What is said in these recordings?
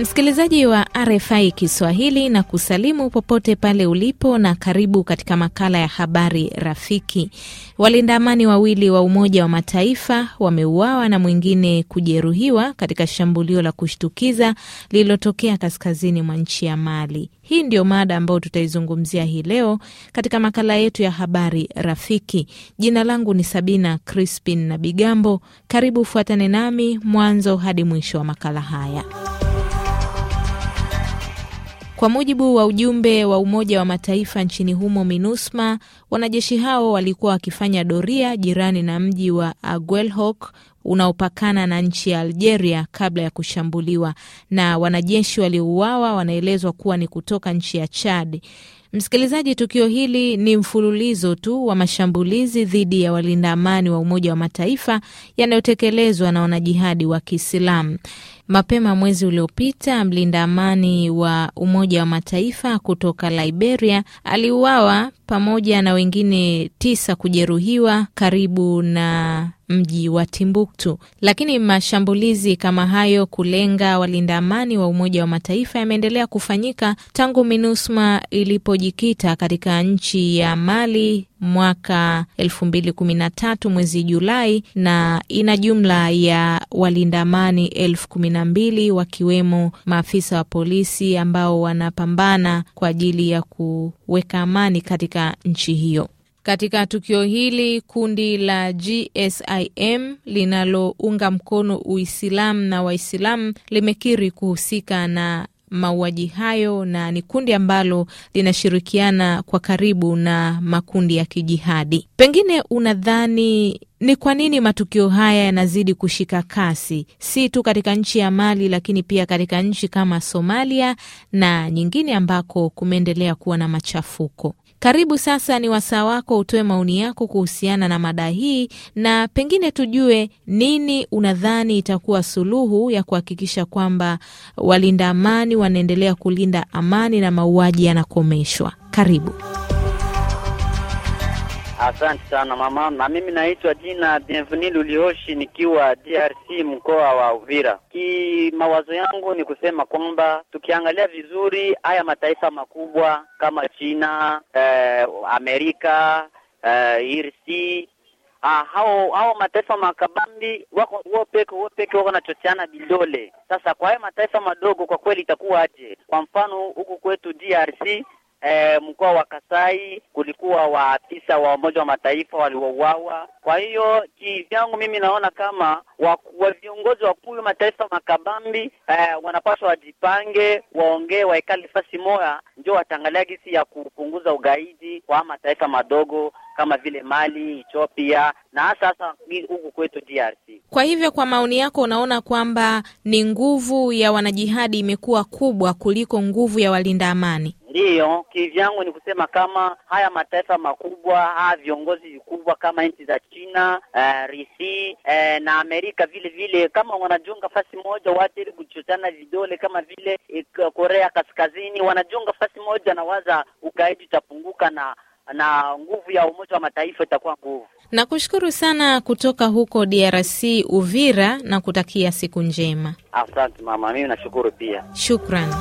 Msikilizaji wa RFI Kiswahili na kusalimu popote pale ulipo na karibu katika makala ya habari rafiki. Walinda amani wawili wa Umoja wa Mataifa wameuawa na mwingine kujeruhiwa katika shambulio la kushtukiza lililotokea kaskazini mwa nchi ya Mali. Hii ndiyo mada ambayo tutaizungumzia hii leo katika makala yetu ya habari rafiki. Jina langu ni Sabina Crispin na Bigambo. Karibu fuatane nami mwanzo hadi mwisho wa makala haya. Kwa mujibu wa ujumbe wa Umoja wa Mataifa nchini humo MINUSMA, wanajeshi hao walikuwa wakifanya doria jirani na mji wa Aguelhok unaopakana na nchi ya Algeria kabla ya kushambuliwa, na wanajeshi waliouawa wanaelezwa kuwa ni kutoka nchi ya Chad. Msikilizaji, tukio hili ni mfululizo tu wa mashambulizi dhidi ya walinda amani wa Umoja wa Mataifa yanayotekelezwa na wanajihadi wa Kiislamu. Mapema mwezi uliopita, mlinda amani wa Umoja wa Mataifa kutoka Liberia aliuawa pamoja na wengine tisa kujeruhiwa karibu na mji wa Timbuktu. Lakini mashambulizi kama hayo kulenga walinda amani wa Umoja wa Mataifa yameendelea kufanyika tangu MINUSMA ilipojikita katika nchi ya Mali mwaka elfu mbili kumi na tatu mwezi Julai, na ina jumla ya walinda amani elfu kumi na mbili wakiwemo maafisa wa polisi ambao wanapambana kwa ajili ya kuweka amani katika nchi hiyo. Katika tukio hili kundi la GSIM linalounga mkono Uislamu na Waislamu limekiri kuhusika na mauaji hayo na ni kundi ambalo linashirikiana kwa karibu na makundi ya kijihadi. Pengine unadhani ni kwa nini matukio haya yanazidi kushika kasi, si tu katika nchi ya Mali, lakini pia katika nchi kama Somalia na nyingine ambako kumeendelea kuwa na machafuko? Karibu sasa, ni wasaa wako utoe maoni yako kuhusiana na mada hii, na pengine tujue nini unadhani itakuwa suluhu ya kuhakikisha kwamba walinda amani wanaendelea kulinda amani na mauaji yanakomeshwa. Karibu. Asante sana mama, na mimi naitwa jina Bienveni Lulioshi nikiwa DRC mkoa wa Uvira. Ki mawazo yangu ni kusema kwamba tukiangalia vizuri haya mataifa makubwa kama China, eh, Amerika, eh, IRC Ah, hao hao mataifa makabambi wako wopeke wopeke wako nachocheana bidole. Sasa kwa haya mataifa madogo, kwa kweli itakuwa aje? Kwa mfano huku kwetu DRC e, mkoa wa Kasai kulikuwa waafisa wa Umoja wa Mataifa waliouawa. Kwa hiyo kivyangu mimi naona kama wa viongozi wakuu mataifa makabambi e, wanapaswa wajipange, waongee, waikali fasi moya, ndio wataangalia gisi ya kupunguza ugaidi kwa mataifa madogo kama vile Mali, Ethiopia na hasa hasa huku kwetu DRC. Kwa hivyo, kwa maoni yako, unaona kwamba ni nguvu ya wanajihadi imekuwa kubwa kuliko nguvu ya walinda amani? Ndiyo, kivyangu ni kusema kama haya mataifa makubwa, haya viongozi vikubwa kama nchi za China, eh, Risi eh, na Amerika vile vile, kama wanajunga fasi moja watu ili vidole, kama vile eh, Korea Kaskazini wanajunga fasi moja, na waza ugaidi utapunguka na na nguvu ya Umoja wa Mataifa itakuwa nguvu. Nakushukuru sana kutoka huko DRC Uvira, na kutakia siku njema. Asante mama, mimi nashukuru pia, shukran.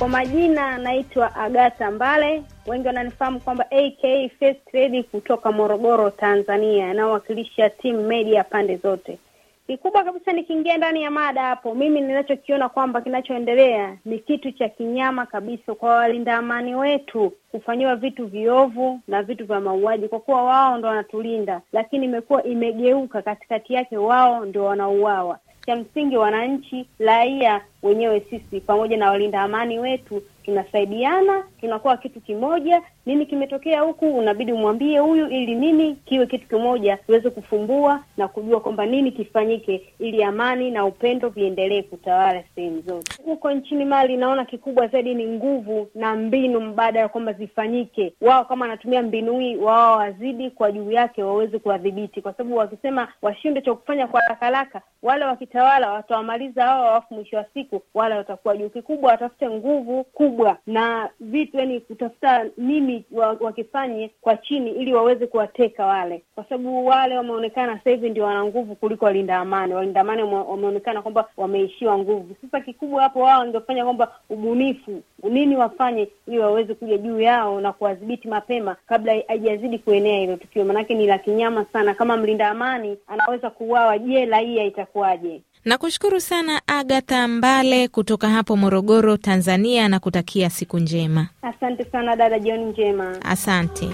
Kwa majina naitwa Agata Mbale, wengi wananifahamu kwamba AK First Lady kutoka Morogoro, Tanzania, anaowakilisha timu media pande zote. Kikubwa kabisa, nikiingia ndani ya mada hapo, mimi ninachokiona kwamba kinachoendelea ni kitu cha kinyama kabisa, kwa walinda amani wetu kufanyiwa vitu viovu na vitu vya mauaji, kwa kuwa wao ndo wanatulinda, lakini imekuwa imegeuka katikati yake, wao ndio wanauawa. Cha msingi wananchi, raia wenyewe sisi pamoja na walinda amani wetu tunasaidiana, tunakuwa kitu kimoja. Nini kimetokea huku, unabidi umwambie huyu, ili nini kiwe kitu kimoja, tuweze kufumbua na kujua kwamba nini kifanyike, ili amani na upendo viendelee kutawala sehemu zote. Huko nchini Mali, naona kikubwa zaidi ni nguvu na mbinu mbadala, kwamba zifanyike. Wao kama wanatumia mbinu hii, wao wazidi kwa juu yake, waweze kuwadhibiti, kwa sababu wakisema washinde cha kufanya kwa rakaraka wale wakitawala watawamaliza hao, wafu mwisho wa siku siku wale watakuwa juu. Kikubwa watafute nguvu kubwa na vitu, yani kutafuta nini wakifanye kwa chini, ili waweze kuwateka wale, kwa sababu wale wameonekana sasa hivi ndio wana nguvu kuliko walinda amani. Walinda amani wameonekana kwamba wameishiwa nguvu. Sasa kikubwa hapo wao wangefanya kwamba ubunifu nini wafanye ili waweze kuja juu yao na kuwadhibiti mapema kabla haijazidi kuenea hilo tukio, maanake ni la kinyama sana. Kama mlinda amani anaweza kuuawa, je, hii itakuwaje? Nakushukuru sana Agatha Mbale kutoka hapo Morogoro, Tanzania, na kutakia siku njema. Asante sana dada, jioni njema. Asante.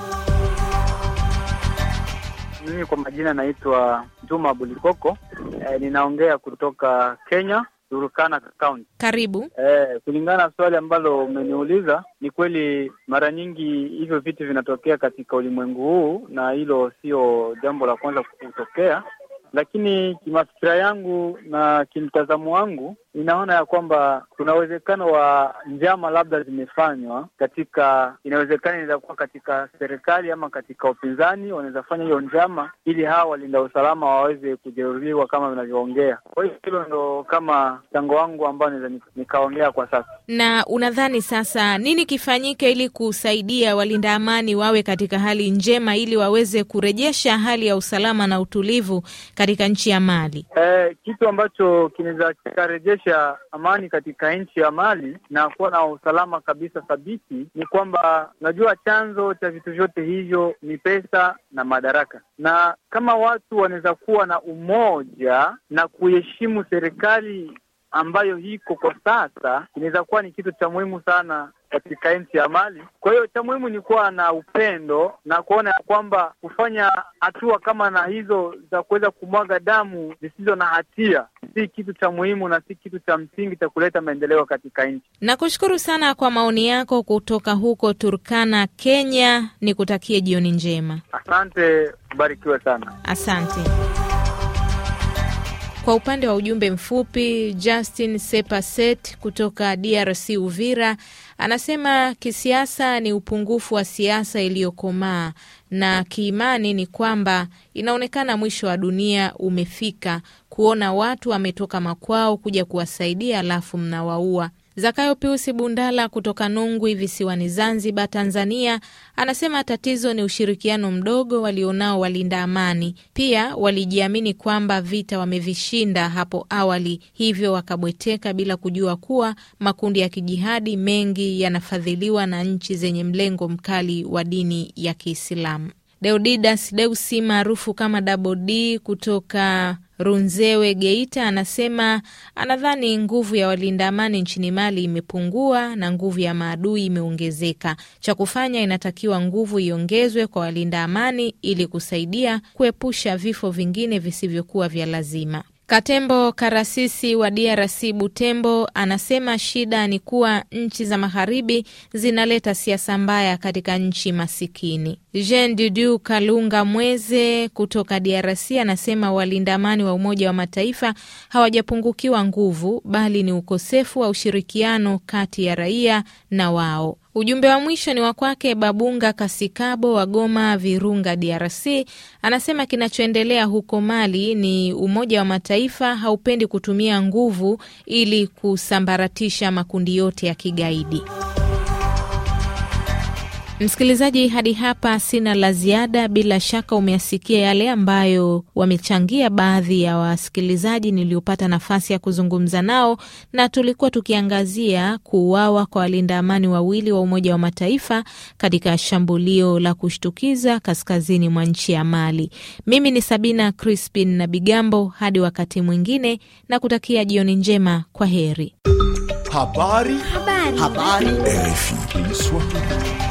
Mimi kwa majina naitwa Juma Bulikoko. E, eh, ninaongea kutoka Kenya, Turkana Kaunti. Karibu. E, kulingana na swali ambalo umeniuliza, ni kweli mara nyingi hivyo vitu vinatokea katika ulimwengu huu, na hilo sio jambo la kwanza kutokea lakini kimafikira yangu na kimtazamo wangu inaona ya kwamba kuna uwezekano wa njama labda zimefanywa katika, inawezekana inaweza kuwa katika serikali ama katika upinzani, wanaweza fanya hiyo njama ili hawa walinda usalama waweze kujeruhiwa kama vinavyoongea. Kwa hiyo hilo ndo kama mchango wangu ambao naweza nikaongea kwa sasa. Na unadhani sasa nini kifanyike ili kusaidia walinda amani wawe katika hali njema ili waweze kurejesha hali ya usalama na utulivu katika nchi ya Mali? Eh, kitu ambacho kinaweza kikarejesha kurejesha amani katika nchi ya Mali na kuwa na usalama kabisa thabiti, ni kwamba unajua chanzo cha vitu vyote hivyo ni pesa na madaraka, na kama watu wanaweza kuwa na umoja na kuheshimu serikali ambayo hiko kwa sasa, inaweza kuwa ni kitu cha muhimu sana katika nchi ya Mali. Kwa hiyo cha muhimu ni kuwa na upendo na kuona ya kwamba kufanya hatua kama na hizo za kuweza kumwaga damu zisizo na hatia si kitu cha muhimu na si kitu cha msingi cha kuleta maendeleo katika nchi. Nakushukuru sana kwa maoni yako kutoka huko Turkana, Kenya. Nikutakie jioni njema. Asante, barikiwe sana. Asante. Kwa upande wa ujumbe mfupi, Justin Sepaset kutoka DRC Uvira anasema kisiasa ni upungufu wa siasa iliyokomaa na kiimani ni kwamba inaonekana mwisho wa dunia umefika, kuona watu wametoka makwao kuja kuwasaidia alafu mnawaua. Zakayo Piusi Bundala kutoka Nungwi visiwani Zanzibar, Tanzania, anasema tatizo ni ushirikiano mdogo walionao walinda amani. Pia walijiamini kwamba vita wamevishinda hapo awali, hivyo wakabweteka bila kujua kuwa makundi ya kijihadi mengi yanafadhiliwa na nchi zenye mlengo mkali wa dini ya Kiislamu. Deodidas Deusi maarufu kama Dabo D kutoka Runzewe Geita anasema anadhani nguvu ya walinda amani nchini Mali imepungua na nguvu ya maadui imeongezeka. Cha kufanya, inatakiwa nguvu iongezwe kwa walinda amani ili kusaidia kuepusha vifo vingine visivyokuwa vya lazima. Katembo Karasisi wa DRC Butembo anasema shida ni kuwa nchi za magharibi zinaleta siasa mbaya katika nchi masikini. Jean Dudu Kalunga Mweze kutoka DRC anasema walindamani wa Umoja wa Mataifa hawajapungukiwa nguvu, bali ni ukosefu wa ushirikiano kati ya raia na wao. Ujumbe wa mwisho ni wa kwake Babunga Kasikabo wa Goma Virunga, DRC. Anasema kinachoendelea huko Mali ni Umoja wa Mataifa haupendi kutumia nguvu ili kusambaratisha makundi yote ya kigaidi. Msikilizaji, hadi hapa sina la ziada. Bila shaka umeasikia yale ambayo wamechangia baadhi ya wasikilizaji niliopata nafasi ya kuzungumza nao, na tulikuwa tukiangazia kuuawa kwa walinda amani wawili wa Umoja wa Mataifa katika shambulio la kushtukiza kaskazini mwa nchi ya Mali. Mimi ni Sabina Crispin na Bigambo, hadi wakati mwingine na kutakia jioni njema. Kwa heri. Habari. Habari. Habari. Habari.